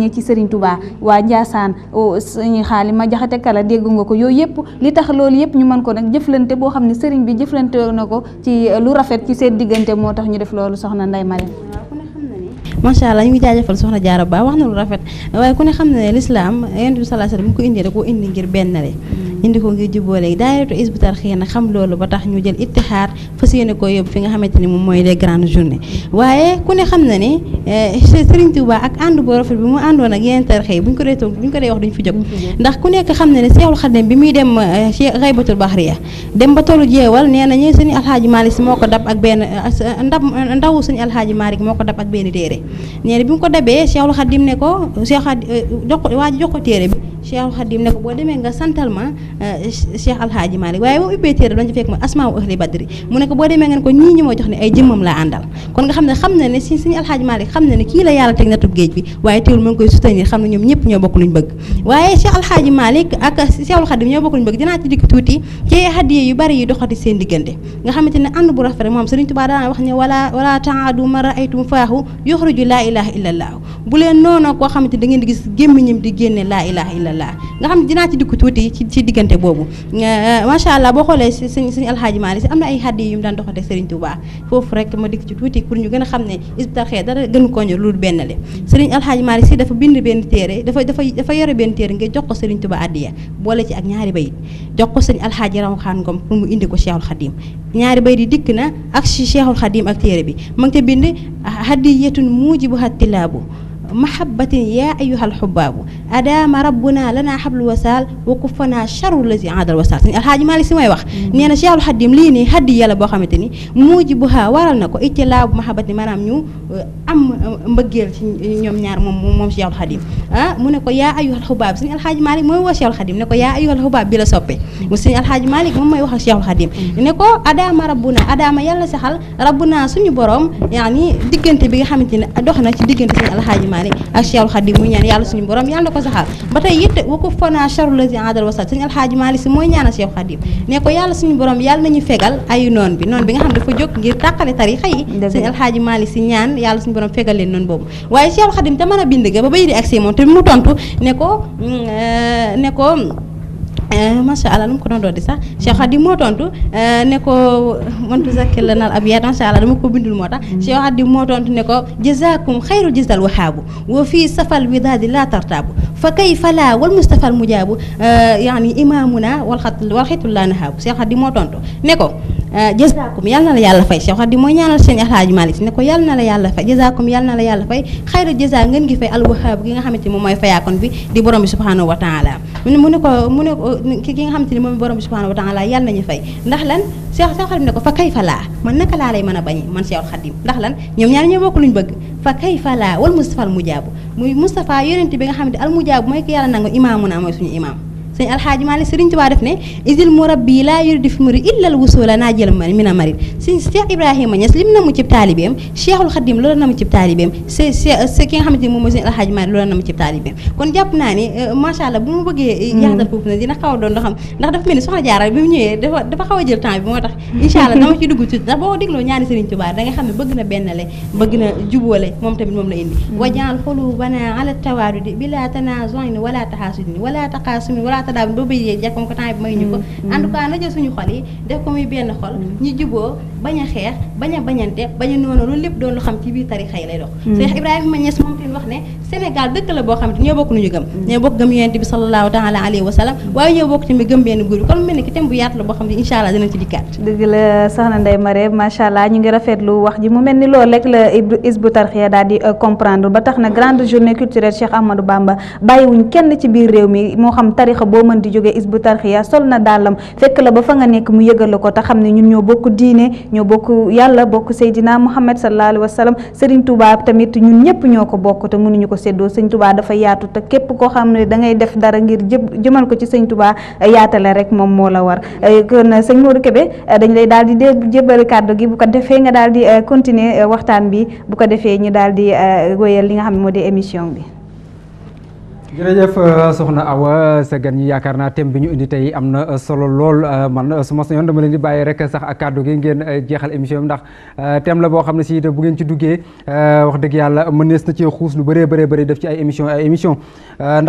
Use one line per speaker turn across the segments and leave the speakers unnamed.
ñe ci Serigne Touba waa Ndiassane suñu xaali ma jaxate kala dégg nga ko yooyu yëpp li tax loolu yëpp ñu mën ko nag jëflante boo xam ne Serigne bi jëflante na ko ci lu rafet ci seen diggante moo tax ñu def loolu soxna Ndeye Marème
macha allah ñu ngi jaajëfal soxna Diarra Ba wax na lu rafet waaye ku ne xam na ne lislaam yonent bi sallallahu alayhi wasallam mu ko indee koo indi ngir benn le indi ko ngir jubóoleeg daayiratu Hizbut Tarqiyyah na xam loolu ba tax ñu jël ittihaad fas yéene ko yóbbu fi nga xamante ni moom mooy les grandes journées waaye ku ne xam na ne eh, Serigne Touba ak ànd bu rafet bi mu àndoon ak yeneen tarxe yi ko dee toog ko dee wax duñ fi jóg ku nekk xam na ne Seexul Xadim bi muy dem Xaybatul eh, Baxriya dem ba tollu jeewal nee na ñu Serigne Alhaaji Malick moo ko dab ak benn eh, ndab ndaw Serigne Alhaaji Malick moo ko dab ak benn téere nee na bi mu ko dabee Seexul Xadim ne ko Seex waa ji jox ko téere bi Seexul Xadim ne ko boo demee nga santal ma Eh, Cheikh Alhaaji Malick waaye boo ubbee téere dañ ci fekk mooy asmaa u ahli badri mu ne ko boo demee ngeen ko ñii ñi moo jox ne ay jëmmam laa àndal kon nga xam ne xam na si suñu Alhaaji Malick xam ne kii la ñoom di génne laa ilaha illallah nga xam ne dinaa ci dikk tuuti ci diggante diggante boobu eh, macha allah boo xoolee si sëñ sëñ alxaaji Maalik si am na ay xaddi yu mu daan doxate Serigne Touba foofu rek ma dikk ci tuuti pour ñu gën a xam ne Hizbut Tarqiyyah dara gënu ko ñu loolu benn le Serigne alxaaji Maalik si dafa bind benn téere dafa dafa dafa yore benn téere nga jox ko Serigne Touba addiya boole ci ak ñaari bayit jox ko sëñ alxaaji Raw Xaan Ngom pour mu indi ko Cheikhul Khadim ñaari bayit yi dikk na ak si Cheikhul Khadim ak téere bi ma ngi te bind haddiyatun ah, mujibu hatilaabu mahabbatin yaa ayyuhal xubbaabu adaama rabbuna lanaa xablu wasaal wa kuffanaa charu lazi aadal wasaal suñu alxaaji Maalik si may wax nee na Cheikhul Xadim lii nii xaddi yàlla boo xamante ni muuji na ko itte laabu mahabbatin maanaam ñu uh, am uh, mbëggeel ñaar moom moom Cheikhul Xadim ah mu ne ko yaa ayyuhal xubbaabu suñu alxaaji Maalik mooy woo Cheikhul Xadim ne ko yaa ayyuhal xubaab bi la soppe mu suñu alxaaji Maalik moom mooy wax ak Cheikhul Xadim mm. ne ko adaama rabbuna adaama yàlla saxal rabbuna suñu borom yaani diggante bi nga xamante ni dox na ci diggante suñu alxaaji Maalik Mané ak Cheikh Khadim muy ñaan yàlla suñu borom yàlla na ko saxal ba tey it wa ko fana charlesi adal wasal sëñ Alxaaji Maalik Si mooy ñaanal Cheikh Khadim ne ko yàlla suñu borom yàlla nañu fegal ay noon bi noon bi nga xam dafa jóg ngir tàqale tarixa yi sëñ Alxaaji Maalik ñaan yàlla suñu borom fegal leen noonu boobu waaye Cheikh Khadim te a bind te mu tontu ne ko mm, euh, Eh, macha allah lu mu ko doon doon di sax Cheikh Khady moo tontu eh, ne ko wantu zakir la nal abiyat macha allah dama ko bindul moo tax Cheikh di moo tontu ne ko jazaakum xayru jazal wahaabu wa fii safal widaadi laa tartaabu fa kay falaa wal mustafal mujaabu eh, yaani imaamuna wal xat wal laa nahaabu Cheikh Khady moo tontu ne ko Eh, jazaakum yal na la yàlla fay Cheikh yal na la yàlla fay jazaakum yal na la yàlla fay xayra jazaa ngeen gi fay alwahaab gi nga xamante ni moom mooy ne ko mu ne fa laa man naka laa lay man a bañi man Cheikh Xaadim ndax lan ñoom ñaar ñoo bokk luñ bëgg fa kayfa laa wal Mustafa al mujaabu muy Mustafa yonent bi nga xamante al mujaabu mooy ki yàlla nangu imaamu naa mooy suñu imaam sëñ alxaaji Maalik sëriñ Tuubaa def ne isil murabbi laa yuridu fi muri illal wusula naa jël man mina marit sëñ Cheikh Ibrahima Niass lim namu cib taalibeem Cheikhul Xadim loolu namu cib taalibeem taalibeem kon jàpp naa ni euh, macha bu mu bëggee euh, hmm. yaatal na a doon xam ndax dafa mel a jël temps bi moo tax hmm. incha allah dama ci dugg tuuti ndax boo dégloo ñaari sëriñ Tuubaa da xam ne bëgg na bennale bëgg na jubóole moom tamit moom la indi hmm. wajaal xulu bana ala tawaadudi bila tanaazoin laata daal ba béyee jàppam ko temps bi may xam ci biir tarixa yi lay dox mm-hmm. dëkk la boo xam ne ñoo bokk lu ñu gëm mm-hmm. ñoo bokk gëm yonent bi sallallahu taala alayhi wa mm-hmm. waaye ñoo bokk tamit gëm benn góor bi kon mel
ni ki thème bu yaatu la boo xam ne incha allah dinañ ci dikkaat dëgg la soxna Ndeye Maré macha allah ñu ngi lu wax ji mu mel ni loolu rek la Hizbut Tarqiyyah daal di euh, comprendre ba tax na grande journée culturelle Cheikh Ahmadou Bamba bàyyiwuñ kenn ci biir réew mi moo xam tarixa boo mën di jógee isbu tarxiya sol na dàllam fekk la ba fa nga nekk mu yëgal ko te xam ne ñun ñoo bokk diine ñoo bokk yàlla bokk Seydina Muhammad sallallahu alayhi wa sallam Serigne Touba tamit ñun ñëpp ñoo ko bokk te mënuñu ko séddoo Serigne Touba dafa yaatu te képp koo xam ne dangay def dara ngir jë jëmal ko ci Serigne Touba yaatale rek moom moo la war eh, kon eh, sëñ Modou kebe eh, dañ lay daal di dé jébbal kàddu gi bu ko defee nga daal di continuer waxtaan bi bu ko defee ñu daal di wéyal li nga xam moo di émission bi
jërëjëf euh, soxna Awa sa gan ñi yaakaar naa thème bi ñu indi tey am na euh, solo lool euh, man su ma sañoon dama leen di bàyyi rek sax ak kàddu gi ngeen jeexal émission bi ndax thème la boo xam ne si bu ngeen ci duggee wax dëgg yàlla mënees na ci xuus lu bëree bëree bëri def ci ay émission ay émission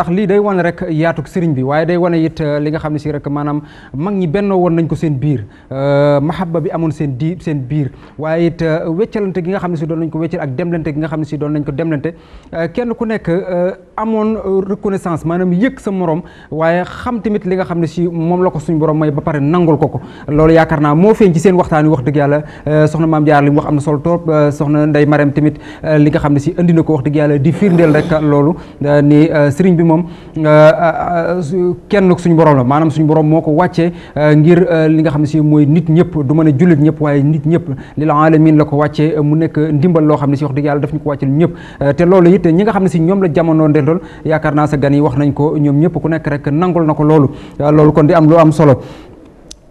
lii day wane rek yaatuk sëriñ bi waaye day wane it li nga xam ne si rek maanaam mag ñi bennoo woon nañ ko seen biir mahabba bi amoon seen di seen biir waaye it weccalante gi nga xam ne si doon nañ ko weccal ak demlante gi nga xam ne si doon nañ ko demlante kenn ku nekk amoon reconnaissance maanaam yëg sa morom waaye xam tamit li nga xam ne si moom la ko suñu borom may ba pare nangul ko ko loolu yaakaar naa moo feeñ ci seen waxtaan yi wax dëgg yàlla euh, soxna maam jaar li mu wax am na solo trop euh, soxna nday marem tamit euh, li nga xam ne si indi na ko wax dëgg yàlla di firndeel rek loolu ni sëriñ bi moom kenn suñu borom la maanaam suñu borom moo ko wàccee ngir li nga xam ne si mooy nit ñëpp du mën a jullit ñëpp waaye nit ñëpp lil alamin la ko wàccee mu nekk ndimbal loo xam ne si wax dëgg yàlla daf ko wàcceel ñëpp te loolu it ñi nga xam ne si ñoom la jamono del yaakaar naa naa sa gan yi wax nañ ko ñoom ñëpp ku nekk rek nangul na ko loolu loolu kon di am lu am solo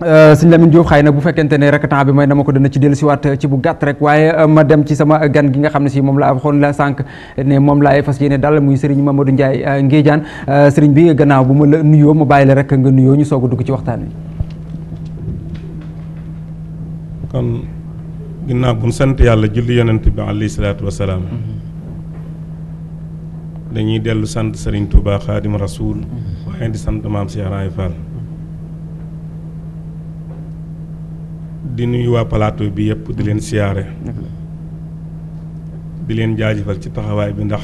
euh, sëñ Lamine Diouf xay na bu fekkente ne rek tam bi may dama ko dana ci dellu dellusiwaat euh, ci bu gàtt rek waaye euh, ma dem ci sama gan gi nga xam ne si moom laa waxoon la sànq ne moom laay fas yéene dal muy Serigne Mamadou Ndiaye Ngédiane Serigne bi gannaaw bu ma la nuyoo ma bàyyi la rek nga nuyoo ñu soog dugg ci waxtaan wi.
kon ginnaaw bu ñu sant yàlla julli yonent bi alayhi salaatu wa dañuy dellu sant Serigne Touba Xaadim Rasoul mm-hmm. waaye di sant maam Cheikh Ibra mm-hmm. di nuyu waa bi yëpp di leen siyaare mm-hmm. di leen jaajëfal ci taxawaay bi ndax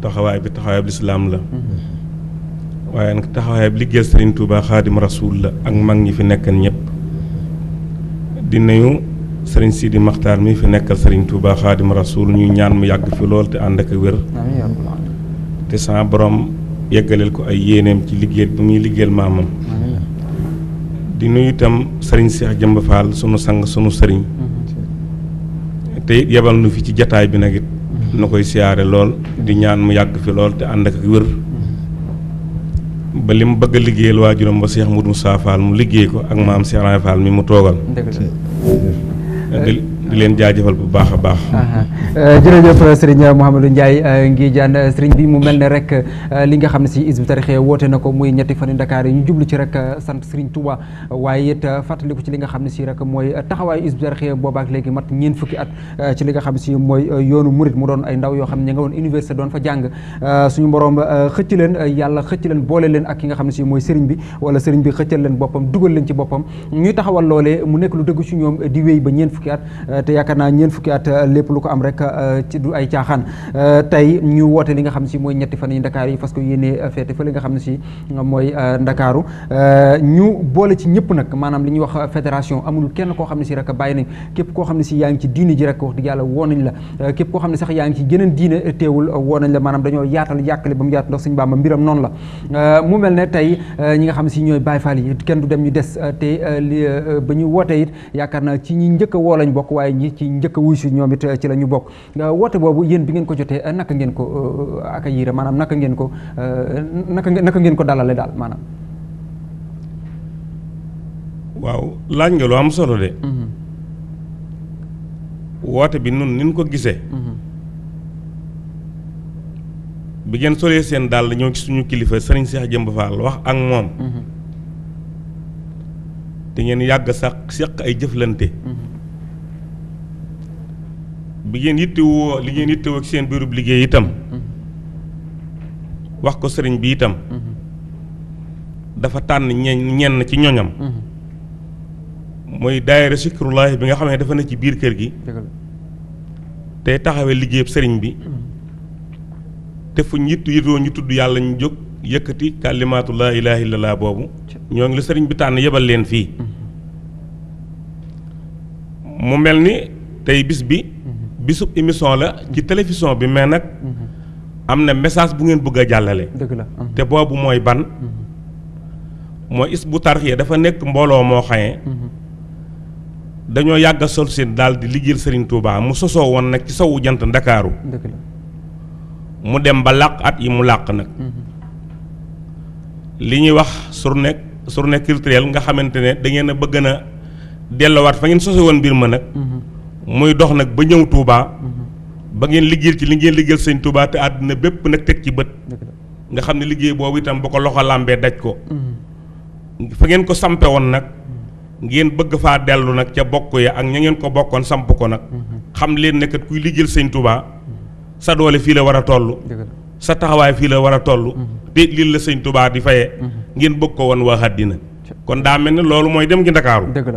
taxawaay bi taxawaay bi lislaam la waaye nag taxawaay bi liggéeyal Serigne Touba Xaadim Rasoul la ak mag ñi fi nekkan ñëpp di nuyu Serigne Sidi Maxtaar mi fi nekkal Serigne Touba Xaadim Rasoul ñuy ñaan mu yàgg fi lool te ànd ak wér te sama borom yeggaleel ko ay yéeneem ci liggéey bi muy liggéeyal maamam di nuyu itam sëriñ Cheikh Jëmb Fall sunu sang sunu sëriñ te yebal nu fi ci jataay bi nag it nu koy siyaare lool di ñaan mu yàgg fi lool te ànd ak wér ba li mu bëgg a liggéeyal waajuram ba Cheikh Moudou Moussa Fall mu liggéey ko ak maam Cheikh Ibra Fall mi mu toogal di leen jaajëfal bu baax a baax.
Euh, jërëjëf Serigne Mouhamadou Ndiaye euh, ngi jaan euh, Serigne bi mu mel ne rek li nga xam ne si Hizbut Tarqiyyah woote na ko muy ñetti fan Dakar yi ñu jublu ci rek sant sëriñ Touba waaye it fàttaliku ci li nga xam ne si rek mooy taxawaayu Hizbut Tarqiyyah boobaak léegi mat ñeent fukki at ci li nga xam si mooy yoonu murit mu doon ay ndaw yoo xam ne ña nga woon université doon fa jàng suñu borom xëcc leen yàlla xëcc leen boole leen ak ki nga xam ne si mooy Serigne bi wala Serigne bi xëccal leen boppam dugal leen ci boppam ñuy taxawal loolee mu nekk lu dëgg ci ñoom di wéy ba ñeent fukki at te yaakaar naa ñeen fukki at euh, lépp lu ko am rek euh, ci du ay caaxaan euh, tey ñu woote li nga xam si mooy ñetti fan yi Ndakaar yi parce que yéene feete fa nga xam ne si mooy Ndakaaru ñu boole ci ñëpp nag maanaam li ñuy wax fédération amul kenn koo xam ne si rek bàyyi nañ képp koo xam ne si yaa ngi ci diine ji rek wax dëgg yàlla woo nañ la ne sax yaa ngi ci geneen diine teewul woo nañ la maanaam dañoo yaatal yàkkale ba mu yaatu ndax Sëñ Bàmba mbiram noonu la mu mel ne tey ñi nga xam si ñooy Baay Faal yi kenn dem ñu des te ba ñu wootee it yaakaar naa ci ñi njëkk woo lañ bokk ñi ci njëkk a wuy si ñoom eh, ci la ñu bokk euh, woote boobu yéen bi ngeen ko jotee eh, naka ngeen ko ak a yiira maanaam naka ngeen ko euh, naka naka ngeen ko dalale daal maanaam.
waaw laaj nga lu am solo de. Mhm. woote bi nun ni ko gisee. Mhm. bi ngeen solee seen daal ñëw ci suñu kilifa sëriñ seex Jëmb Fall wax ak moom. te mhm. ngeen yàgg sax seq ay jëflante. bi ngeen yittewoo li ngeen yittewoo ak seen biirub liggéey itam wax ko sëriñ bi itam dafa tànn ñeñ ñenn ci ñoñam mooy daayira sikrullahi bi nga xam ne dafa ne ci biir kër gi tey taxawee liggéeyab sëriñ bi mm-hmm. te fu ñitt yitoo ñu tudd yàlla ñu jóg yëkkati kàllimaatu laa ilaaha illallaah boobu ñoo ngi la sëriñ bi tànn yebal leen fii mm-hmm. mu mel ni tey bis bi bisub émission la ci télévision bi mais nag. Mhm. am na message bu ngeen bëgg a jàllale. dëgg la mhm. te boobu mooy ban. Mhm. mooy bu Tarqiyyah dafa nekk mbooloo moo xaye dañoo yàgg a sol seen daal di liggéeyal Serigne Touba mu sosoo woon nag ci sowu jant Ndakaaru. dëgg mu dem ba làq at yi mu làq nag. li ñuy wax journée journée culturelle nga xamante ne da ngeen a bëgg na dellowaat fa ngeen sosoo woon mbir ma nag. muy dox nag ba ñëw tuubaa mhm. ba ngeen liggéey ci li ngeen liggéeyal sëñ Touba te àdduna bépp nag teg ci bët. nga xam ne liggéey boobu itam ba ko loxo làmbee daj ko. Mhm. fa ngeen ko sampe woon nag. Mhm. ngeen bëgg faa dellu nag ca bokk ya ak ña ngeen ko bokkoon samp ko nag. xam leen ne kat kuy liggéeyal sëñ Touba. sa doole fii la war a toll. sa taxawaay fii la war a toll. te lii la sëñ Touba di fayee. ngeen bëgg ko woon waa àddina kon daa mel ne loolu mooy dem gi Ndakaaru. dëgg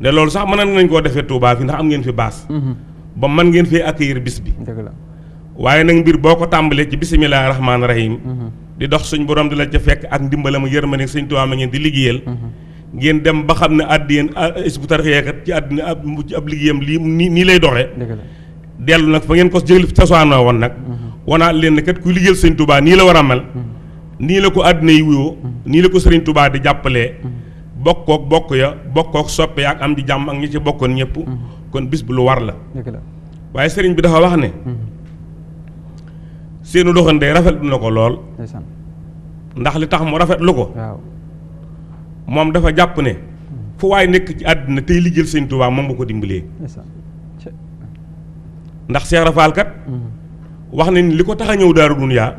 ne loolu sax mënoon nañ koo defee tubaab fi ndax am ngeen fi baas. Mhm. ba man ngeen fee accueillir bis bi. dëgg la waaye nag mbir boo ko tàmbalee ci bisimilah rahmaani rahim. Mhm. di dox suñ borom di la ca fekk ak ndimbalam ak yërmande suñ Touba ma ngeen di liggéeyal. Mhm. ngeen dem ba xam ne àddiyeen Hizbut Tarqiyyah kat ci àddina ab ab liggéeyam lii nii nii lay doxee. dellu nag fa ngeen ko jël cosaanoo woon nag. wanaat leen ne kat kuy liggéeyal sëñ Touba nii la war a mel. nii la ko àddina yi wuyoo. nii la ko sëriñ Touba di jàppalee. bokkook bokk ya bokkook soppe ya ak am di jàmm ak ñi ci bokkoon ñëpp. Mm-hmm. kon bis bi lu war la. waaye sëriñ bi dafa wax ne. Mm-hmm. seenu doxande rafetlu na ko lool. ndax li tax mu rafet lu ko. moom dafa jàpp ne. Mm-hmm. fu waay nekk ci àddina tey liggéeyal sëñ Tuubaa moom nga ko dimbalee. ndax Cheikh Rafal kat. wax ne ni li ko tax a ñëw daaru duniyaa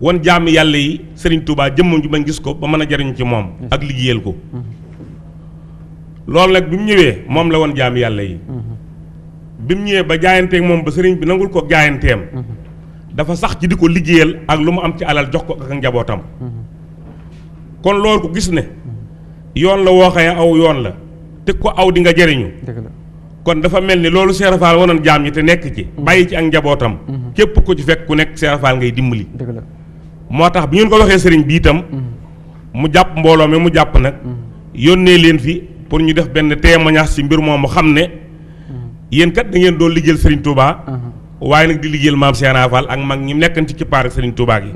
wan jaami yàlla yi sëriñ Touba jëmmam ji ma gis ko ba mën a jariñ ci moom. ak liggéeyal ko. loolu nag bi mu ñëwee moom la wan jaami yàlla yi. bi mu ñëwee ba jaayanteeg moom ba Serigne bi nangul ko jaayanteem. dafa sax ci di ko liggéeyal ak lu mu am ci alal jox ko ak njabootam. kon loolu ko gis ne. yoon la woo xëyee aw yoon la te ko aw di nga jëriñu. kon dafa mel ni loolu Cheikh Rafaal wanoon jaam yi te nekk ci. Mm-hmm. bàyyi ci ak njabootam. Mm-hmm. képp ku ci fekk ku nekk Cheikh Rafaal ngay dimbali. moo tax bi ngeen ko waxee sëriñ bi itam mu jàpp mbooloo mi mu jàpp nag yónnee leen fi pour ñu def benn témoignage ci mbir moomu xam ne yéen kat da ngeen doon liggéeyal sëriñ Touba. waaye nag di liggéeyal maam Cheikh ak mag ñi nekkan ci kippaar ak sëriñ Touba gi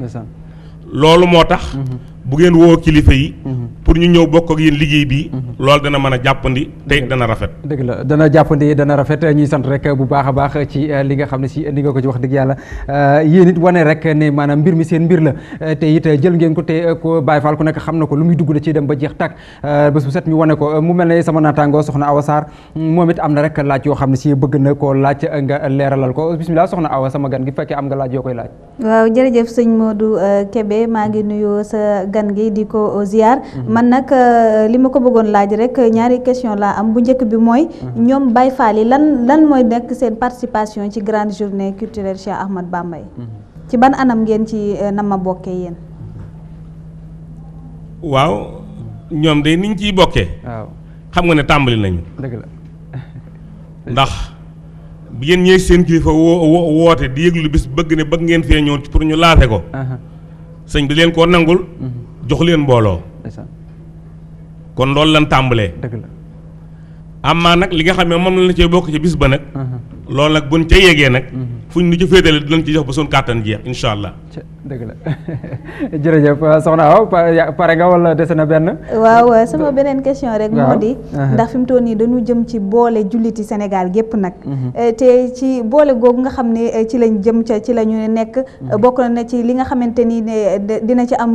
loolu moo tax bu ngeen woo kilifa yi. Mhm. pour ñu ñëw bokk ak yéen liggéey bi. Mhm. loolu dana mën a jàppandi tey dana rafet.
dëgg la dana jàppandi dana rafet ñuy sant rek bu baax a baax ci eh, li nga xam ne si indi nga ko ci wax dëgg yàlla eh, yéen it wane rek ne maanaam mbir mi seen mbir la eh, te it jël ngeen ko te ko Baye Fall ko nekk xam na ko lu muy dugg da ci dem ba jeex takk bés bu set ñu wane ko mu mel ne sama naataangoo soxna Awa Sarr moom it am na rek laaj yoo xam ne si bëgg na koo laaj nga leeralal ko bisimilah soxna Awa sama gan gi fekkee am nga laaj yoo koy
gan gi di ko uh, ziar. Mhm. man nag uh, li ma ko bëggoon laaj rek uh, ñaari question laa am bu njëkk bi mooy. Mhm. ñoom Baye Fall yi lan lan mooy nekk seen participation ci grande journée culturelle Cheikh Ahmad Bamba yi mhm. ci ban anam ngeen ci ma bokkee yéen.
waaw ñoom de niñ ciy bokkee. xam nga ne tàmbali nañu. dëgg la ndax. bi ngeen ñëwee seen kilifa woo woote di yëglu bis bëgg ne bëgg ngeen fee ñëw pour ñu laase ko. sëñ bi leen koo nangul. jox leen mbooloo. kon loolu lan tàmbalee. dëgg la amaa nag li nga xam ne moom la cee bokk ca bis ba nag. loolu nag buñ ca yegee nag. Mhm. fuñ nu ci féetale dinañ ci jox ba suñ kàttan jeex incha allah. dëgg la
jërëjëf uh, soxna Awa pare nga wala dese na benn. waaw uh, sama beneen question
rek. moo di ndax fi mu toll nii dañu jëm ci boole julliti Sénégal gépp nag. Mhm. Uh, te ci boole googu nga xam ne ci lañ jëm ca ci la nekk. Mhm. bokk na ci li nga xamante ni ne dina ci am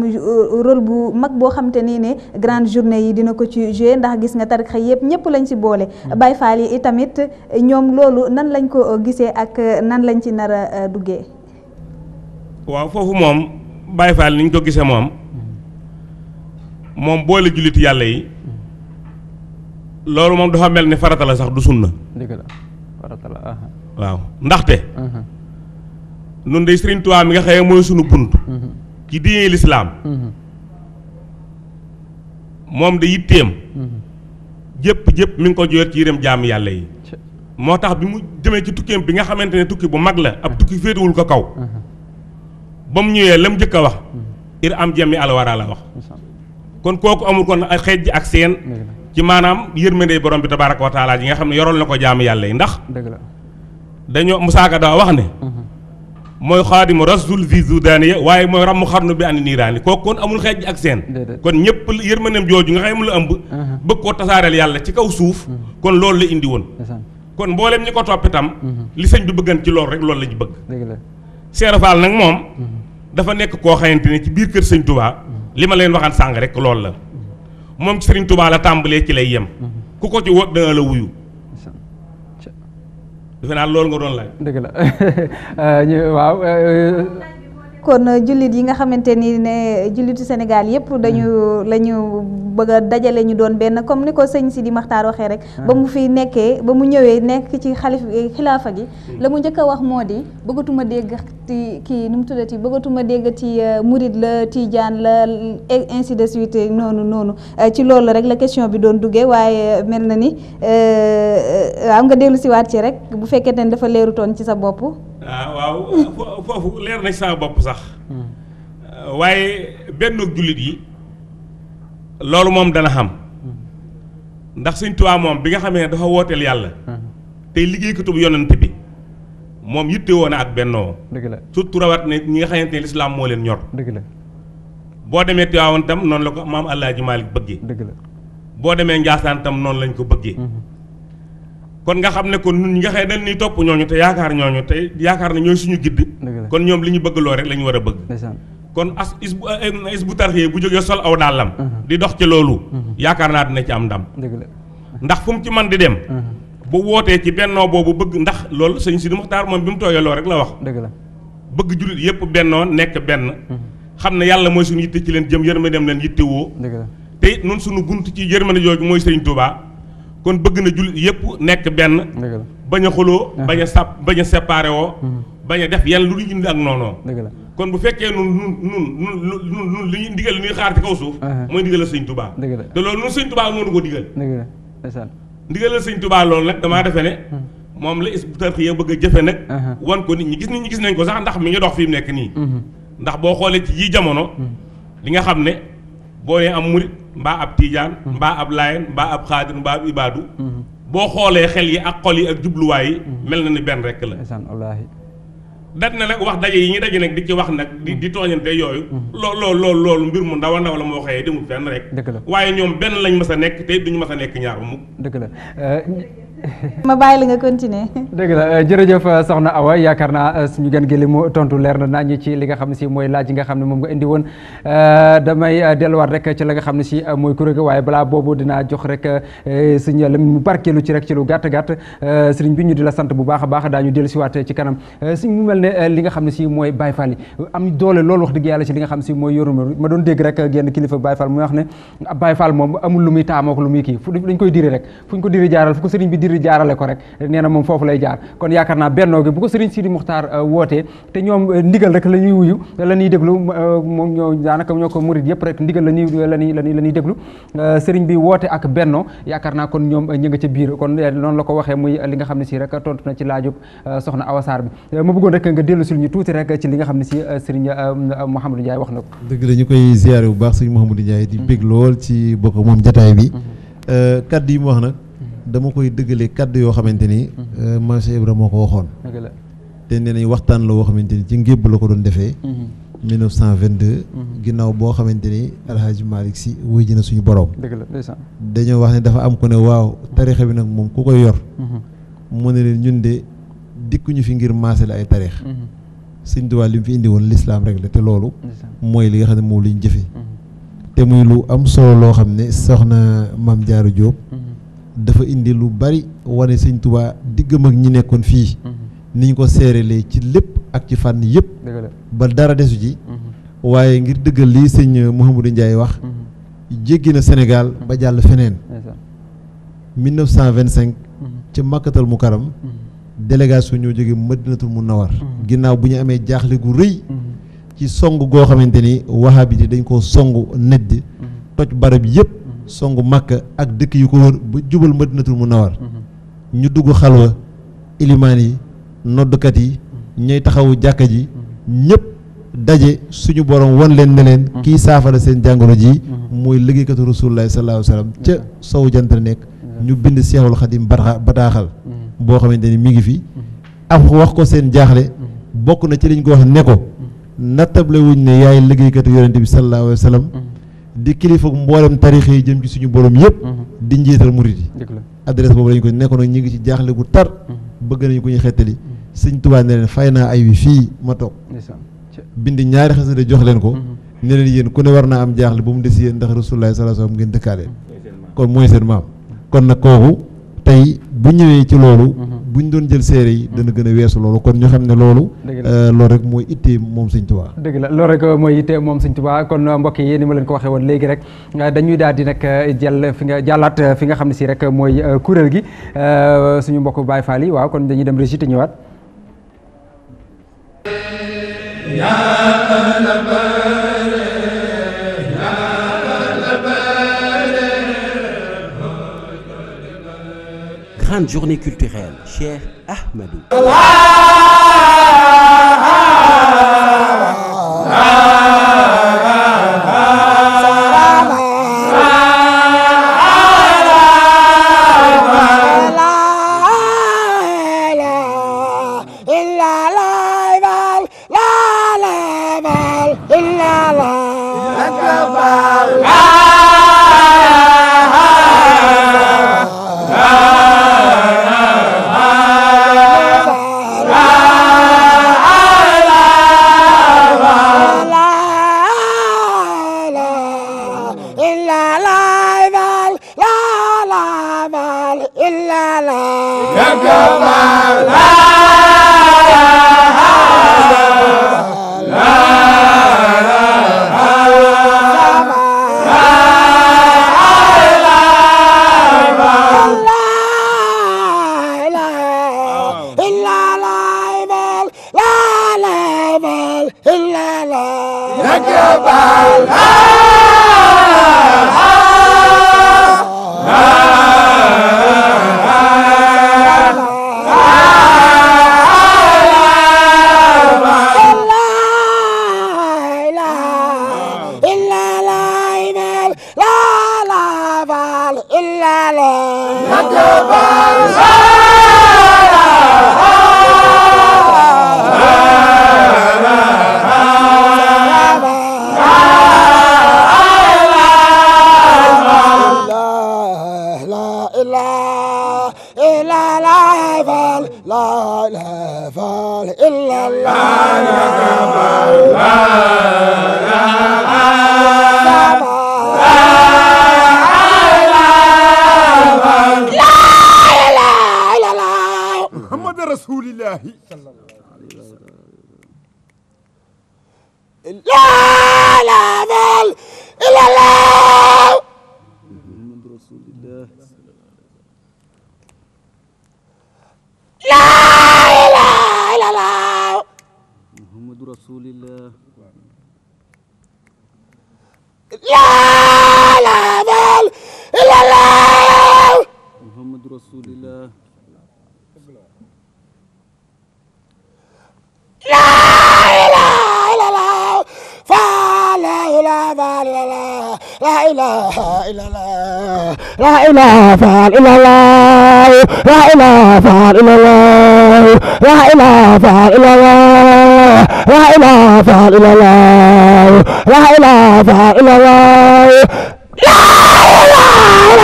rôle bu mag boo xamante ni ne grande journée yi dina ko ci joué ndax gis nga tarixa yëpp ñëpp lañ ci boole. Mhm. Baye Fall yi itamit ñoom loolu nan lañ ko gisee ak nan lañ nar a duggee.
waaw foofu moom Baye Fall ni ñu ko gisee moom moom boole julliti yàlla yi loolu moom dafa mel ni farata la sax du sunna.
dëgg waaw
ndaxte. nun de Serigne Touba mi nga xëyee mooy sunu bunt. Mhm. ci diine lislaam mhm. moom da yitteem. Mhm. jëpp jëpp mi ngi ko joyet ci yërëm jaam yàlla yi. moo tax bi mu demee ci tukkeem bi nga xamante ne tukki bu mag la ab tukki féetewul ko kaw ba mu ñëwee la mu njëkk a wax ir am jami alwara la wax kon kooku amul kon xeej ji ak seen ci maanaam yërmande borom bi tabaaraka wa taala yi nga xam ne yoroon na ko jaamu yàlla yi ndax dañoo musaaka daa wax ne mhm. mooy xaadimu rasul vi zudaaniya waaye mooy ramu xarnu bi ànd niiraani kooku kon amul xeej ak seen kon ñëpp yërmandeem jooju nga xam ne la ëmb mhm. bëgg koo tasaareel yàlla ci kaw suuf mhm. kon loolu la indi woon kon mboolem ñi ko topp itam. Mhm. li sañ bi bëggan ci loolu rek loolu la ñu bëgg. dëgg la Cheikh nag moom. Mhm. dafa nekk koo xamante ne ci biir kër sëñ Touba. Mhm. li ma leen waxan sàng rek loolu la. moom ci tubaa la tàmbalee ci lay yem. ku ko ci woo dana la wuyu. defe naa loolu nga doon laaj. la euh, ñu waaw. Euh, euh, kon euh, jullit yi nga
xamante ni ne jullitu Sénégal yëpp dañu mm. la ñu bëgg dajale ñu doon benn comme ni ko sëñ si di Maxtaar waxee rek mm. ba mu fi nekkee ba mu ñëwee nekk ci xalif eh, xilaafa gi mm. la mu njëkk a wax moo di bëggatuma dégg ti kii nu mu tuddati bëggatuma dégg ci euh, murid la tijaan la et ainsi de suite noonu noonu euh, ci loolu rek la question bi doon duggee waaye mel na ni waaw nga dellu si waat ci rek bu fekkee ne dafa leerutoon ci sa bopp
ah waaw foofu leer na ci sama bopp sax hmm. ah, waaye benn jullit yi loolu moom dana xam hmm. ndax Sëñ Tuubaa moom bi nga xamee ne dafa wooteel yàlla hmm. tey liggéeykatub yonent bi moom yitte woon na ak bennoo dëgg la surtout rawat ne ñi nga xamante ne lislaam moo leen ñor dëgg la boo demee Tiwaawan tam noonu la ko maam Alaaji Maalik bëggee dëgg la boo demee Njaasaan tam noonu lañ ko bëggee kon nga xam ne kon ñun ñi nga xam ne dañ ni topp ñooñu te yaakaar ñooñu te yaakaar na ñooy suñu gidd kon ñoom li ñu bëgg loo rek la ñu war a bëgg kon as is eh, eh, is bu tarxee bu jógee sol aw dàllam uh-huh. di dox ci loolu uh-huh. yaakaar naa dina ci am ndam ndax fu mu ci man di dem uh-huh. bu wootee ci bennoo boobu bëgg ndax loolu sëñ Sidi Muxtaar moom bi mu tooyee loo rek la wax bëgg jullit yépp bennoo nekk benn xam ne yàlla mooy suñu yitte ci leen jëm yërmande dem leen yitte woo te it nun suñu bunt ci yërmande jooju mooy sëriñ Tuubaa kon bëgg na jullit yëpp nekk benn. bañ a xuloo ah. bañ a sàpp bañ a séparé woo. Mm-hmm. bañ a def yan lu ñu indi ak noonu. kon bu fekkee nun nun nun nun nun li ñuy digal ñuy xaar ci kaw suuf. Ah. mooy digalal sëñ Touba. te loolu nun sëñ Touba noonu ko digal. ndigalal sëñ Touba loolu nag damaa defee ne. Mm. moom la Hizbut Tarqiyyah bëgg a jëfe nag. Ah. wan ko ni ñu gis nit ñi gis nañ ko sax ndax mi ngi dox fi mu nekk nii. Mm-hmm. ndax boo xoolee ci yii jamono. Mm. li nga xam ne boo nee am murit mbaa ab tiijaan hmm. mbaa ab layen mbaa ab xaadir mbaa ab ibaadu hmm. boo xoolee xel yi ak xol yi ak jubluwaay yi hmm. mel na ni benn rek la dat na nag wax daje yi ñu daje nag di ci wax nag di di tooñante yooyu lool lool loolu mbir mu ndaw a ndaw la moo xëyee demul fenn rek waaye ñoom benn lañ mës a nekk te duñu mës a nekk ñaar mukk
dëgg la euh,
ma bàyyi la nga continuer.
dëgg la euh, jërëjëf euh, soxna Awa yaakaar naa euh, suñu gën gi li mu tontu leer na nañu ci li nga xam ne si mooy laaj yi nga xam ne moom nga indi woon damay delluwaat rek ci la nga xam si mooy kuréel ga waaye balaa boobu dinaa jox rek sëñ Lamine mu barkeelu ci rek ci lu gàtt gàtt sëriñ bi ñu di la sant bu baax a baax daañu dellusiwaat ci kanam suñ mu mel ne li nga xam ne si mooy Baye Fall yi am doole loolu wax dëgg ci li nga xam ne si mooy yoru ma doon dégg rek genn kilifa Baye Fall muy wax ne Baye Fall lu muy taamook lu muy kii fu dañ koy diri rek fu ñu ko diri jaaral fu ko sëriñ mbir jaarale ko rek nee na moom foofu lay jaar kon yaakaar naa bennoo gi bu ko Serigne Sidi Muxtaar euh, wootee te ñoom euh, ndigal rek la ñuy wuyu la ñuy déglu euh, moom ñoo daanaka ko murit yëpp rek ndigal la ñuy la ñuy la ñuy déglu Serigne bi woote ak bennoo yaakaar naa kon ñoom ñi nga ca biir kon noonu la ko waxee muy li nga xam ne si rek tontu na ci laajub soxna Awa Sarr bi ma bëggoon rek nga dellu si ñu tuuti rek ci li nga xam ne si Serigne Mouhamadou Ndiaye wax
na ko. dëgg la ñu koy ziare bu baax Serigne Mouhamadou Ndiaye di bég lool ci bokk moom jataay bi mm-hmm. kaddu yi mu dama koy dëggale kàddu yoo xamante ni. Mhm. Euh, maam Cheikh Ibra moo ko waxoon. te nee nañ waxtaan la woo xamante ni ci ngébb la ko doon defee. 1922. Mhm. Mhm. ginnaaw boo xamante ni El Hadj Malick si wuy ji na suñu borom. dañoo wax ne dafa am ku ne waaw tarixa bi nag moom ku koy yor. mu ne leen ñun de dikkuñu fi ngir maasale ay tarix. sëñ Tuubaa li mu fi indi woon lislaam rek la te loolu. mooy li nga xam moom la ñu jëfee. te muy lu am solo loo xam ne soxna maam Diarra dafa indi lu bari wane sëñ Touba diggam ak ñi nekkoon fii. Mm-hmm. niñ ko seerelee ci lépp ak ci fànn yëpp. ba dara desu ji. Mm-hmm. waaye ngir dëggal li sëñ Mouhamadou Ndiaye wax. Mm-hmm. jéggi na Sénégal ba jàll feneen. 1925. ci makkatal mu karam. délégation ñoo jóge mu Munawar. ginnaaw bu ñu amee jaaxle gu rëy. ci song goo xamante ni wahabit yi dañ koo song nedd toj barab yëpp. songu Makka ak dëkk yu ko wër ba jubal Madinatul Munawwar mhm. ñu dugg xalwa ilimaan yi noddukat yi mhm. ñooy taxawu jàkka ji mhm. ñëpp daje suñu borom wan leen ne leen kii saafara seen jàngoro ji mooy liggéeykatu rasulullahi sallallahu alayhi wasallam ca sowu jant la nekk ñu bind seexul xadim bata bataaxal boo xamante ni mi ngi fi am wax ko seen jaaxle bokk na ci liñ ko wax ne ko nattable ne yaay liggéeykatu yonente bi sallallahu alayhi di kilifa mboolem tarix yi jëm ci suñu borom yëpp. Mhm. di njiital murid yi. adresse boobu lañ ko nekkoon ñu ngi ci jaaxle gu tar. Mhm. bëgg nañu ko ñu xettali. Mhm. sëñ Tuubaa ne leen fay naa ay wi fii ma toog. bindi ñaari xasida jox leen ko. ne leen ku ne war naa am jaaxle bu mu des yéen ndax Rasulullah sallallahu alayhi wasallam ngeen dëkkaale. kon mooy seen maam kon nag kooku tey bu ñëwee ci loolu. bu ñu doon jël séeré yi dana gën a weesu loolu kon ñu xam ne loolu euh, loolu rek mooy ittee moom sëñ Tuubaa
dëgg la loolu rek euh, mooy ittee moom sëñ Tuubaa kon euh, mbokk yi ni ma leen ko waxee woon léegi rek dañuy daal di nag jël fi nga jàllaat fi nga xam ne si rek mooy kuréel gi suñu mbokk Baay Faal yi waaw kon dañuy dem régi te ñëwaat
grande journée culturelle, cher Ahmadou.
Allah, la la la la la la
rasulillahi لا إله إلا الله لا إله إلا الله لا إله إلا الله لا إله إلا الله لا إله إلا الله لا إله إلا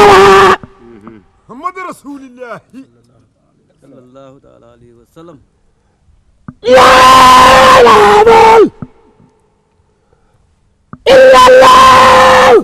الله
محمد رسول الله صلى الله تعالى عليه وسلم لا إله
إلا الله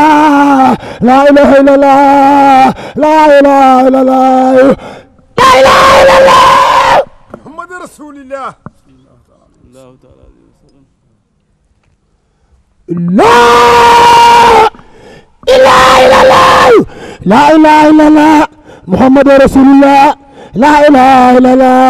illallah la ilaha illallah la ilaha illallah la ilaha illallah
muhammad rasulillah sallallahu ta'ala alayhi wa sallam
la ilaha illallah la ilaha illallah muhammad rasulillah la ilaha illallah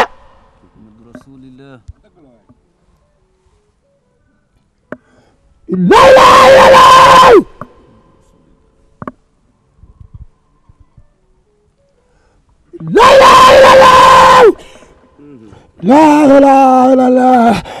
lala yàlla
lala yàlla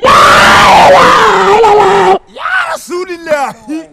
yaa
rasulillah laa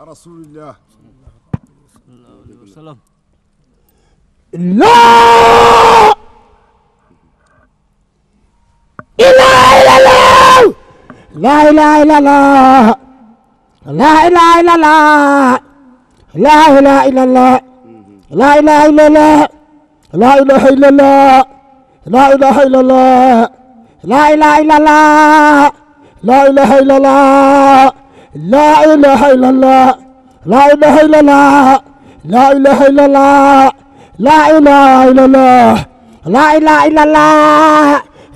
rasulillah laa ilaaha illallaah laa ilaaha illallaah laa ilaaha illallaah laa ilaaha illallaah laa ilaaha illallaah laa ilaaha illallaah laa ilaaha illallaah laa ilaaha illallaah laa ilaaha illallaah laa ilaha illallah laa ilaha illallah laa ilaha illallah laa ilaha illallah laa ilaha illallah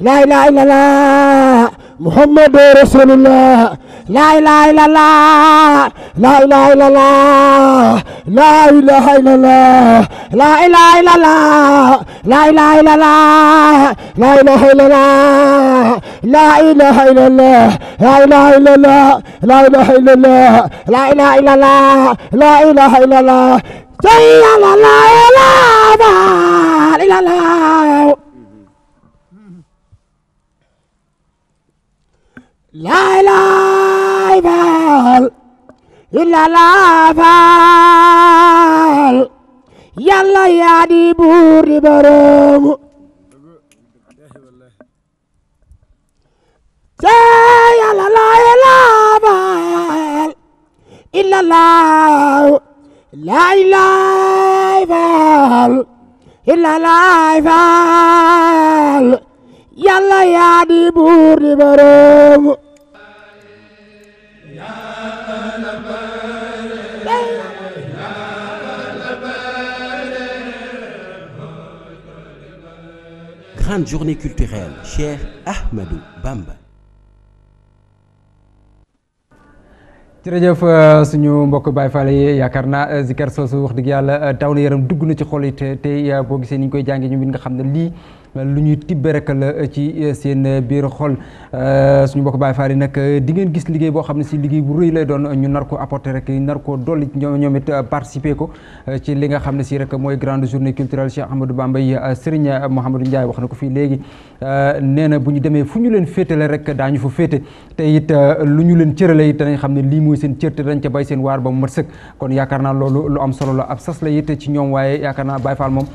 laa ilaha illallah muhammadu rasulullah لا إله إلا الله لا إله إلا الله لا إله إلا الله لا إله إلا الله لا إله إلا الله لا إله إلا الله لا إله إلا الله لا إله إلا الله لا إله إلا الله لا إله إلا الله لا إله إلا الله لا لا لا لا لا لا لا لا bay baal illa laa faal yàlla yaa di buur di borom te yàlla laa
grande journée culturelle Cheikh
Ahmadou Bamba.
jërëjëf euh, suñu mbokk baay Fall yi yaakaar naa euh, zikar soosu wax dëgg yàlla daw euh, na yaram dugg na ci xool yi te tey boo gisee ni ñu koy jàngee ñu ngi nga xam ne lii. lu ñuy tibbe rek la euh, ci euh, seen euh, biir xol suñu bokk Baay Faal yi nag di ngeen gis liggéey boo xam ne si liggéey bu rëy lay doon ñu nar ko apporter rek nar ko dolli ñoom it participer ko ci li nga xam ne si rek mooy grande journée culturelle Cheikh Ahmadou Bamba yi Serigne Mouhamadou wax na ko fii léegi nee na bu ñu demee fu ñu leen féetale rek daañu fa féete te it lu ñu leen cërale it danañ xam ne lii mooy seen cër te dañ bay seen waar ba mu mat sëkk yaakaar naa loolu lu am solo la ab sas la ci ñoom waaye yaakaar naa Baay moom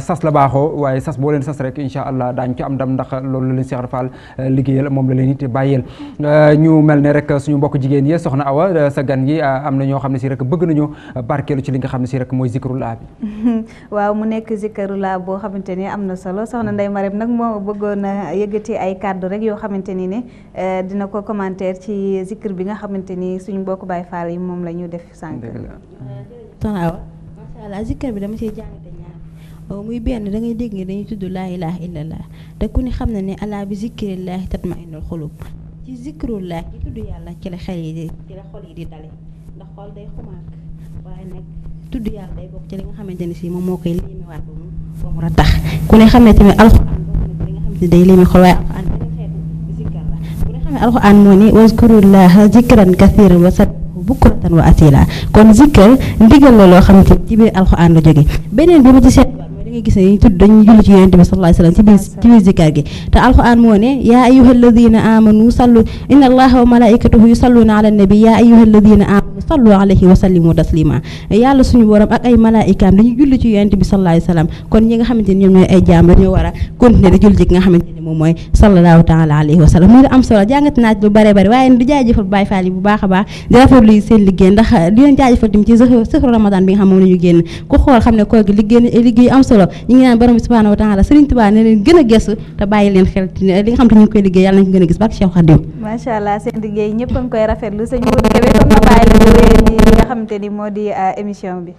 sas la baaxoo waaye sas boo leen sas rek incha allah daañu ci am ndam ndax loolu la leen Cheikh euh, liggéeyal moom la leen bàyyeel euh, ñu mel ne rek suñu mbokk jigéen yi soxna Awa euh, sa gan gi am na ñoo xam ne si rek bëgg nañu barkeelu ci li nga si rek mooy zikrulaa
bi waaw mu nekk zikrulaa boo xamante ni am na solo soxna Ndeye Marème nag moo bëggoon a yëgati ay kàddu rek yoo xamante ni ne dina ko commentaire ci zikr bi nga xamante ni suñu mbokk Baye Fall yi moom la ñu def sànq soxna Awa macha allah zikr bi dama ciy jàngate
muy benn da ngay dégg ne dañuy tudd laa ilaha illallah te ku ne xam na ne alaa bi zikrillaahi tatma'innul xulub ci zikrullah ci tudd yàlla la xel yi di ci la xol yi di dale ndax xol day xumaak waaye nag tudd yàlla day bokk ci li nga xamante ne si moom moo koy liimiwaat ba mu ba mu ku ne xam ne tamit nga xamante ne day liimi xol waaye alxuraan beneen xeetu zikkar la ku ne xam ne alxuraan moo ne wazkurullaha zikran kathiran wa sat bukratan wa asila kon zikkar ndigal la loo xamante ci biir alxuraan la jóge beneen bi ma ci seet nga wa malaikatahu xamante ni ñoom ñooy ay jaam dañoo war a continuer di julli ci ki nga xamante ni moom mooy sallallahu taala alayhi wa sallam muy am solo jàngat naaj lu bare bare waaye di jaajëfal Baay Faal yi bu baax a baax di rafetlu seen liggéey ndax di leen jaajëfal tim ci sëxru ramadan bi nga xam moom la génn ku xool xam ne koor gi liggéey am solo ñu ngi naan borom bi subhanahu wa taala Serigne ne leen gën a gëstu te bàyyi leen xel li nga xam te ñu ngi koy liggéey yàlla nañ ko gën a gis barke Cheikh Khadim
macha allah seen liggéey ñëpp a ngi koy rafetlu sëñ Bour Kébé kon ma bàyyi la ñu wéyal li ni moo di euh, émission bi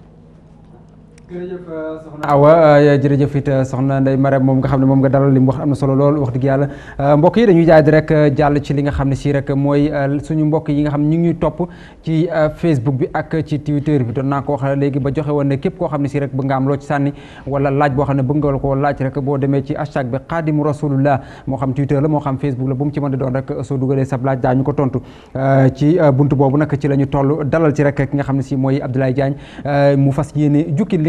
jërëjëf euh, soxna
Awa euh, jërëjëf it euh, soxna Ndeye Marème moom nga xam ne moom nga dalal li mu wax am na solo lool wax dëgg yàlla mbokk yi dañuy jaay di rek jàll ci li nga xam ne si rek mooy suñu mbokk yi nga xam ñu ngi ñuy topp ci Facebook bi ak ci Twitter bi doon naa ko wax léegi ba joxe woon ne képp koo xam ne si rek bëgg nga am loo ci sànni wala laaj boo xam ne bëgg nga koo laaj rek boo demee ci hashtag xam Twitter mu ci mën a doon rek soo dugalee sa laaj daañu ko tontu boobu nag ci la ñu toll dalal ci rek ki nga xam ne si mooy Abdoulaye Diagne mu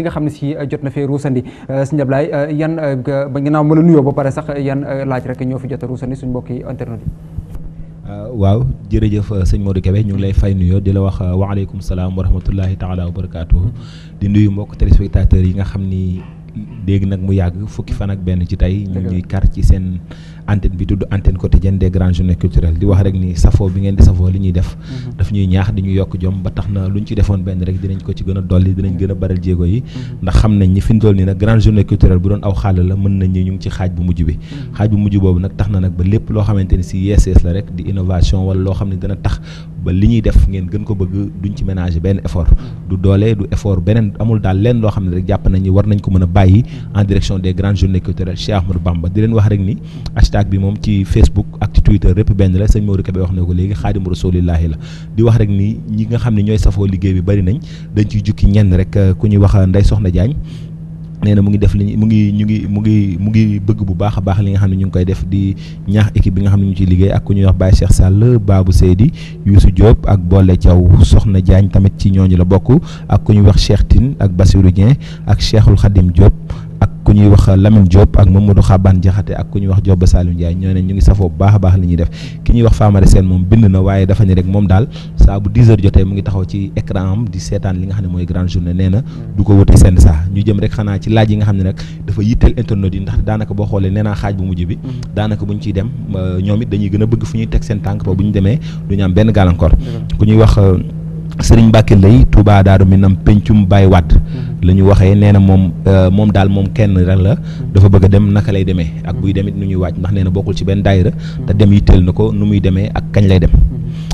nga xam ne si eh, jot na fee ruusandi eh, sëñ Ablaye eh, yan ba ginnaaw ma la nuyoo ba pare sax yan laaj rek ñoo fi jot a ruusandi suñ mbokki internet yi
ah, waaw jërëjëf sëñ Modou Kébé ñu ngi lay fay nuyoo di la wax waaleykum salaam wa rahmatullahi taala wa barakaatuhu di nuyu mbokk téléspectateurs yi nga xam ni dégg nag mu yàgg fukki fan ak benn ci tey ñu ñuy kar ci seen antenne bi tudd antenne quotidienne des grandes journées culturelles di wax rek ni safoo bi ngeen di safoo li ñuy def mhm. daf ñuy ñaax di ñu yokk jom ba tax na lu ñu ci defoon benn rek dinañ ko ci gën a dolli dinañ gën a baral jéego yi mhm. ndax xam nañ ñi fi ñu toll nii nag grande journée culturelle bu doon aw xaal la mën nañ ñu ngi ci xaaj bu mujj bi mhm. xaaj bu mujj boobu nag tax na nag ba lépp loo xamante ni si yeesees la rek di innovation wala loo xam ne dana tax ba li ñuy def ngeen gën ko bëgg duñ ci ménager benn effort mm. du doole du effort beneen amul daal leen loo xam ne rek jàpp nañu war nañ ko mën a bàyyi mm. en direction des grandes journées culturelles Cheikh Ahmadou Bamba di leen wax rek ni mm. hashtag bi moom ci Facebook ak ci Twitter rëpp benn la sëñ Maodo Kébé wax na ko léegi xaadimu rasulillahi la di wax rek ni ñi nga xam ne ñooy safoo liggéey bi bari nañ dañ ciy jukki ñenn rek ku ñuy wax Ndeye Soxna jaañ nee na mu ngi def li mu ngi ñu ngi mu ngi mu ngi bëgg bu baax a baax li nga xam ne ñu ngi koy def di ñaax équipe bi nga xam ne ñu ci liggéey ak ku ñuy wax Baye Cheikh Sall baabu Seydi Youssou Diop ak boole Thiaw Soxna Diagne tamit ci ñooñu la bokk ak ku ñuy wax Cheikh Tine ak Bassirou Dieng ak Cheikhul Khadim Diop ku ñuy wax Lamine Diop ak Mamadou Xaban Jaxate ak ku ñuy wax Diop Salim Ndiaye ñoo ne ñu ngi safoo baax a baax li ñuy def ki ñuy wax Famara Sène moom bind na waaye dafa ne rek moom daal saa bu 10 jotee mu ngi taxaw ci écran am di seetaan li nga xam ne mooy grande journée nee na du ko wute seen saa ñu jëm rek xanaa ci laaj yi nga xam ne nag dafa yitteel internet yi ndax daanaka boo xoolee nee naa xaaj bu mujj bi mm-hmm. daanaka bu ñu dem euh, ñoom it dañuy gën a ñuy teg seen tànk ba bu ñu demee du am benn gàllankoor mm-hmm. sëriñ Mbacke lay Touba Daaru Minam pencum Baye Wade mm-hmm. la ñu waxee nee na moom euh, moom daal moom kenn rek la mm-hmm. dafa bëgg dem naka lay demee ak buy mm-hmm. demit nu ñuy waaj ndax nee na bokkul ci benn daay daayira te dem yi yitteel na ko nu muy demee ak kañ lay dem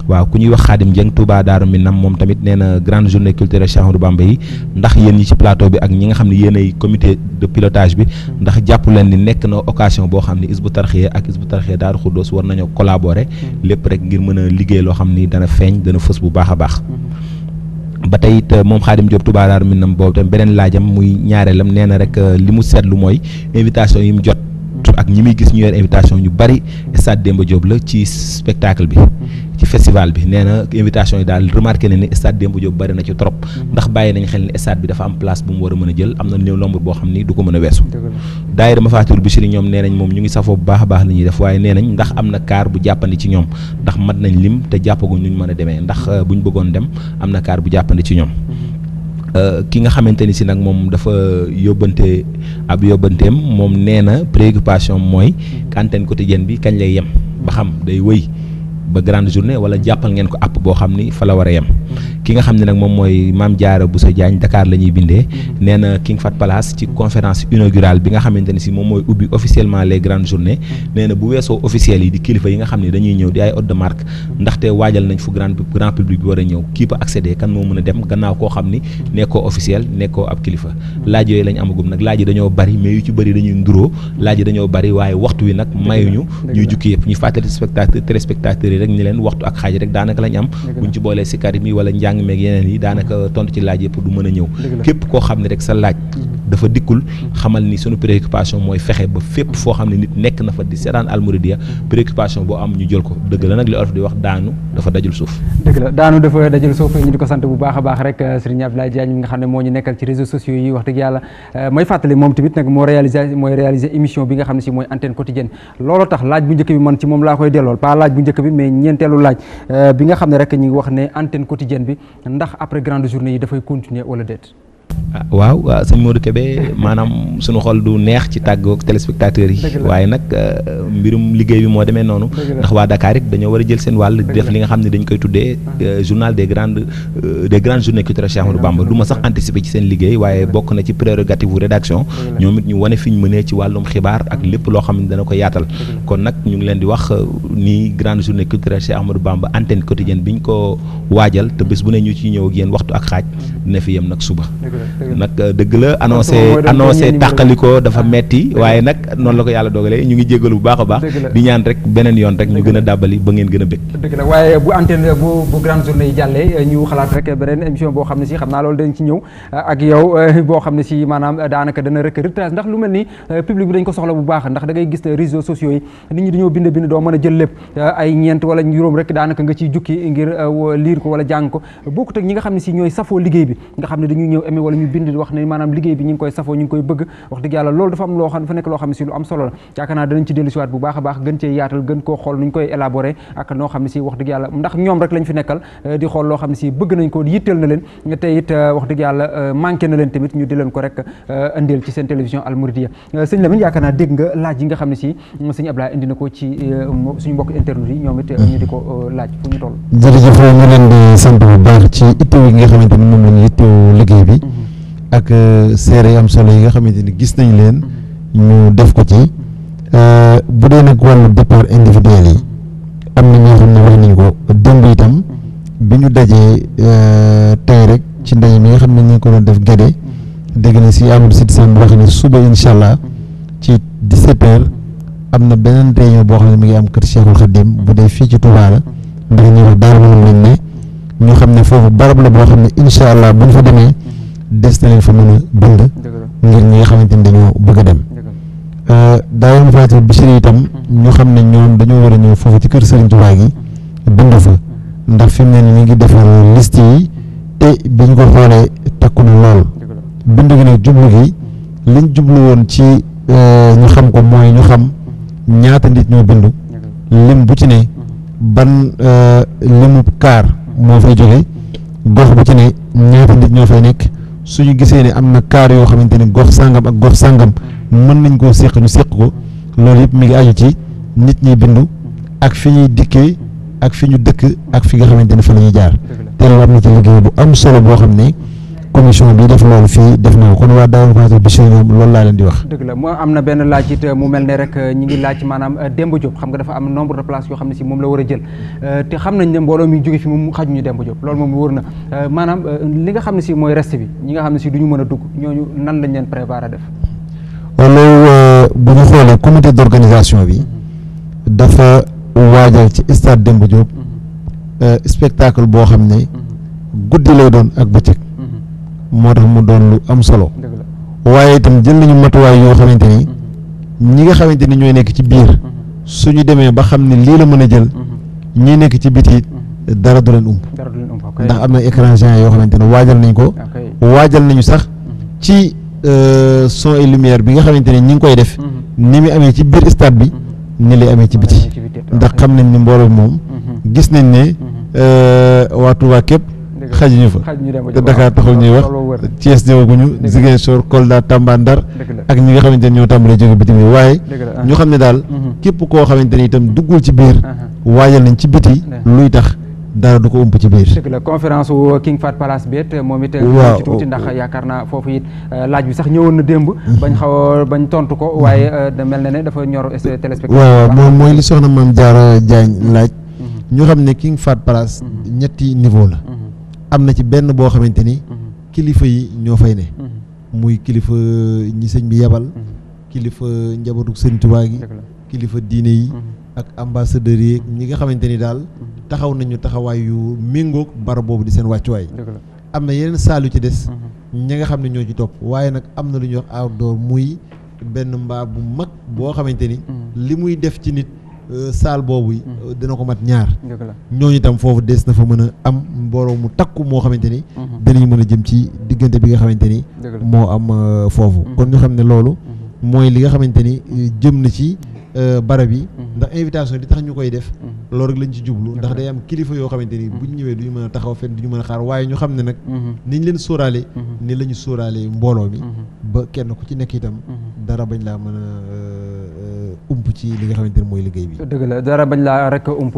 waaw ku ñuy wax Xaadim Dieng Touba Daaru Minam moom tamit nee na grande journée culturelle Cheikh Ahmadou Bamba yi ndax yéen ñi ci plateau bi ak ñi nga xam ne yéen ay comité de pilotage bi ndax jàpp leen ni nekk na occasion boo xam ne Hizbut Tarqiyyah ak Hizbut Tarqiyyah Daaru Xuddoos war nañoo collaborer lépp rek ngir mën a liggéey loo xam ni dana feeñ dana fos bu baax a baax ba tey it moom Xaadim Diop Touba Daaru Minam boobu tam beneen laajam muy ñaareelam nee na rek li mu seetlu mooy invitation yi mu jot ak ñi muy gis ñu yor invitation ñu bari stade Demba Diop la ci spectacle bi. Mhm. ci festival bi nee na invitation yi daal remarqué na ni stade Demba Diop bari na ci trop. Mhm. ndax bàyyi nañ xel ni stade bi dafa am place bu mu war a mën a jël am na néew nombre boo xam ni du ko mën a weesu. daayira Mafaatihul Bichri ñoom nee nañ moom ñu ngi safoo bu baax a baax li ñuy def waaye nee ndax am na kaar bu jàppandi ci ñoom ndax mat nañ lim te jàppaguñ ñu mën a demee ndax euh, buñ bëggoon dem am na kaar bu jàppandi ci ñoom. Mhm. Euh, ki nga xamante ni si nag moom dafa yóbbante ab yóbbanteem moom nee na préoccupation mooy mm. antenne quotidienne bi kañ lay yem ba xam day wëy ba grande journée wala jàppal ngeen ko app boo xam ni fa la war a yem mm-hmm. ki nga xam ne nag moom mooy Mame Diarra Bousso Diagne Dakar la ñuy bindee mm-hmm. nee na King Fahd Palace ci conférence inaugurale bi nga xamante ne si moom mooy ubbi officiellement les grandes journées mm-hmm. nee na bu weesoo officiels yi di kilifa yi nga xam ne dañuy ñëw di ay hôte de ndaxte waajal nañ fu grand public bi war a ñëw kii ba accéder kan moo mën dem gannaaw koo xam ni nekkoo officiel nekkoo ab kilifa laaj yooyu lañ amagum nag laaj yi dañoo bari mais yu ci bari laaj dañoo bari waaye waxtu wi nag mayuñu ñuy ñu fàttali spectateur rek ni leen waxtu ak xaaj rek daanaka lañ am buñ ci boolee si kar mi wala njàng meeg yeneen yi daanaka tontu ci laaj yëpp du mën a ñëw képp koo xam ne rek sa laaj mm-hmm. dafa dikkul xamal ni sunu préoccupation mooy fexe ba fépp foo xam ne nit nekk na fa di seetaan almouridiya préoccupation boo am ñu jël ko dëgg la nag li olof di wax daanu dafa dajul suuf
dëgg la daanu dafa dajul suuf ñu di ko sant bu baax a baax rek euh, Serigne Abdoulaye Diagne mi nga xam ne moo ñu nekkal ci réseaux sociaux yi euh, moo réalisé mooy réalisé émission bi nga xam ne si mooy antenne quotidienne loolu tax laaj bu njëkk bi man ci moom laa koy dellool pas laaj bu njëkk bi mais ñeenteelu laaj euh, bi nga xam ne rek ñu ngi wax ne antenne quotidienne bi ndax après grande journée yi dafay continuer
ah waaw waaw ah, sëñ Modou Kébé maanaam sunu xol du neex ci tàggoog téléspectateurs yi waaye nag ah, mbirum liggéey bi moo demee noonu ndax waa Dakar dañoo war a jël seen wàll di def li nga xam ne dañ koy tuddee ah. euh, journal des grandes euh, des grandes journées culturelles Cheikh Ahmadou Bamba du ma sax anticiper ci seen liggéey waaye bokk na ci prérogative bu rédaction ñoom it ñu wane fi ñu mënee ci wàllum xibaar ak lépp loo xam ne dana ko yaatal kon nag ñu ngi leen di wax euh, nii grande journée culturelle Cheikh Ahmadou Bamba antenne bi ñu ko waajal te bés bu ne ñu ci ñëw ak waxtu ak xaaj dina fi yem nag suba nag euh, dëgg la annoncé ah, annoncé tàqalikoo dafa ah. metti waaye nag noonu la ko yàlla dogalee ñu ngi jégalu bu baax a baax di ñaan rek beneen yoon rek ñu gën dàbbali ba ngeen gën a bëgg
dëgg la waaye bu antenne bu bu grande journée yi jàllee euh, ñu xalaat rek beneen émission boo xam xam naa loolu dañ ci ñëw euh, ak maanaam daanaka dana rek retrace ndax lu mel ni public bi dañ ko soxla bu baax ndax da ngay gis réseaux sociaux yi nit ñi dañoo bind bind doo mën a jël lépp ay ñeent wala juróom rek daanaka nga ciy jukki ngir liir ko wala jàng ko bokkut ak ñi nga xam ne si ñooy safoo bi wala ñu bind wax ne maanaam liggéey bi ñu ngi koy safoo ñu ngi koy bëgg wax dëgg yàlla loolu dafa am loo xam dafa nekk loo xam ne si lu am solo la yaakaar naa a baax gën cee wax dëgg yàlla ndax ñoom rek eh, leen te it eh, wax dëgg yàlla eh, ko rek indil ci seen télévision Al Mouridiyyah naa dégg nga laaj yi nga xam ne si sëñ Ablaye indi na ko ci suñu mbokk internet yi ñoom it ñu di ko laaj fu yi
nga liggéey bi mm-hmm. ak euh, seere yi am solo yi nga xamante ni gis nañ leen ñu def ko ci euh, bu dee nag wàllu départ individuel yi am na ñoo ko démb itam bi ñu dajee euh, tey rek ci ndey mi nga xam ne ñu ko doon def gédé dégg na si amul sit seen wax ne suba incha allah ci di heures am na beneen réunion boo xam ne mi ngi am kër Cheikhul Khadim bu dee fii ci Touba la ndax ñu wax daal moom lañ ne ñu xam ne foofu barab la boo xam ne incha allah buñ fa demee des na leen fa mën a bind ngir ñi nga xamante ni dañoo bëgg a dem euh, daawam faati Bichri itam mm-hmm. ñu xam ne ñoom dañoo war a ñëw foofu ci kër Serigne Touba gi mm-hmm. bind fa mm-hmm. ndax fi mu ne ni ñu ngi defar liste yi te bi ñu ko xoolee takku na lool bind gi ne jublu gi liñ jublu woon ci euh, ñu xam ko mooy ñu xam ñaata nit ñoo bind lim bu ci ne ban euh, limu kaar moo fay jóge gox bu ci ne ñaata nit ñoo fay nekk suñu gisee ne am na kaar yoo xamante ne gox sàngam ak gox sàngam mën nañ koo séq ñu séq ko loolu yëpp mi ngi aju ci nit ñi bindu ak fi ñuy dikkee ak fi ñu dëkk ak fi nga xamante ne fa la ñuy jaar te loolu am na ci liggéey bu am solo boo xam ne commission bi def loolu fii def na ko kon waa daaw xaati bi si loolu laa leen di wax
dëgg la mu am na benn laaj it mu mel ne rek ñi ngi laaj maanaam euh, Demba Diop xam nga dafa am nombre de places yoo xam ne si moom la war a jël euh, te xam nañ ne mbooloo mi jóge fi moom xajuñu Demba Diop loolu moom euh, maanaam li xam ne si mooy reste bi xam ne si du ñu mën a dugg ñooñu nan lañ leen préparé def
loolu bu ñu xoolee comité d'organisation bi mm-hmm. dafa waajal ci stade Demba Diop mm-hmm. spectacle boo xam ne mm-hmm. guddi lay doon ak bëccëg moo tax mu doon lu am solo waaye itam jël nañu matuwaay yoo xamante ni mm-hmm. ñi nga xamante ni ñooy nekk ci biir mm-hmm. suñu demee ba xam ne lii la mën a jël mm-hmm. ñi nekk ci biti dara du leen ump ndax am na écran yoo xamante ne waajal nañ ko waajal nañu sax ci euh, son et lumière bi nga xamante ne ñi ngi koy def ni muy amee ci biir stade bi ni lay amee ci biti ndax xam nañ ni mbooloo moom gis nañ ne euh, waa Touba képp xaj ñu fa te Dakar taxul ñuy wax Thiès ñëwaguñu Ziguinchor Kolda Tamba Ndar ak ñi nga xamante ne ñoo tàmbalee jóge bitim réew waaye ñu xam ne daal mhm. képp koo xamante ne itam duggul ci biir mhm. waajal nañ ci biti luy tax dara du ko ump ci biir.
dëgg conférence wu King faat Palace bi moom it. waaw ci tuuti ndax yaakaar naa foofu it euh, laaj bi sax ñëwoon na démb. Mhm. bañ xaw bañ tontu ko waaye euh, da mel na ne dafa ñor téléspectateur. waaw
moom mooy li soxna maam Diarra Diagne laaj. ñu xam ne King faat Palace. ñetti niveau la. am na ci benn boo xamante ni mhm. kilifa yi ñoo fay ne mhm. muy kilifa ñi sëñ bi yebal mhm. kilifa njabootu sëñ Tuubaa gi kilifa diine yi ak ambassadeurs yi ñi nga xamante ni daal taxaw nañu taxawaay yu méngoog barab boobu di seen wàccuwaay am na yeneen saal yu ci des ñi nga xam ne ñoo ci topp waaye nag am na lu ñuy wax outdoor muy benn mbaa bu mag boo xamante ni li muy def ci nit Euh, saal boobu hmm. euh, dina ko mat ñaar ñooñu tam foofu des na fa mën a am mbooloo mu takku moo xamante ni hmm. dinañ mën a jëm ci diggante bi nga xamante ni moo am euh, foofu hmm. kon ñu xam ne loolu mooy li nga xamante ni jëm na ci Euh, barab yi mhm. ndax invitation di tax ñu koy def mhm. loolu rek lañ ci jublu ndax day am kilifa yoo xamante ni mhm. buñ ñëwee duñu mën a taxaw fenn duñu mën a xaar waaye ñu xam ne nag niñ leen sóoraale ni la ñu sóoraale mbooloo mi ba kenn ku ci nekk itam dara bañ laa mën a euh, ump ci li nga xamante ne mooy liggéey bi la dara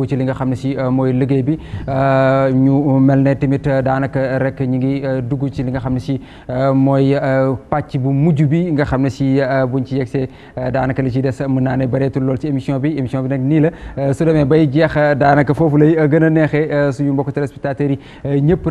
ci li nga xam ne si euh, mooy liggéey bi ñu mel ne tamit daanaka rek ñi ngi dugg ci li nga xam ne si mooy pàcc bu mujj bi nga xam ne si buñ ci yegsee daanaka li ci des mën naa ne bëri bareetul lool ci émission bi émission bi nag nii la euh, su demee bay jeex euh, daanaka foofu lay euh, gën a neexee suñu mbokk téléspectateurs yi ñëpp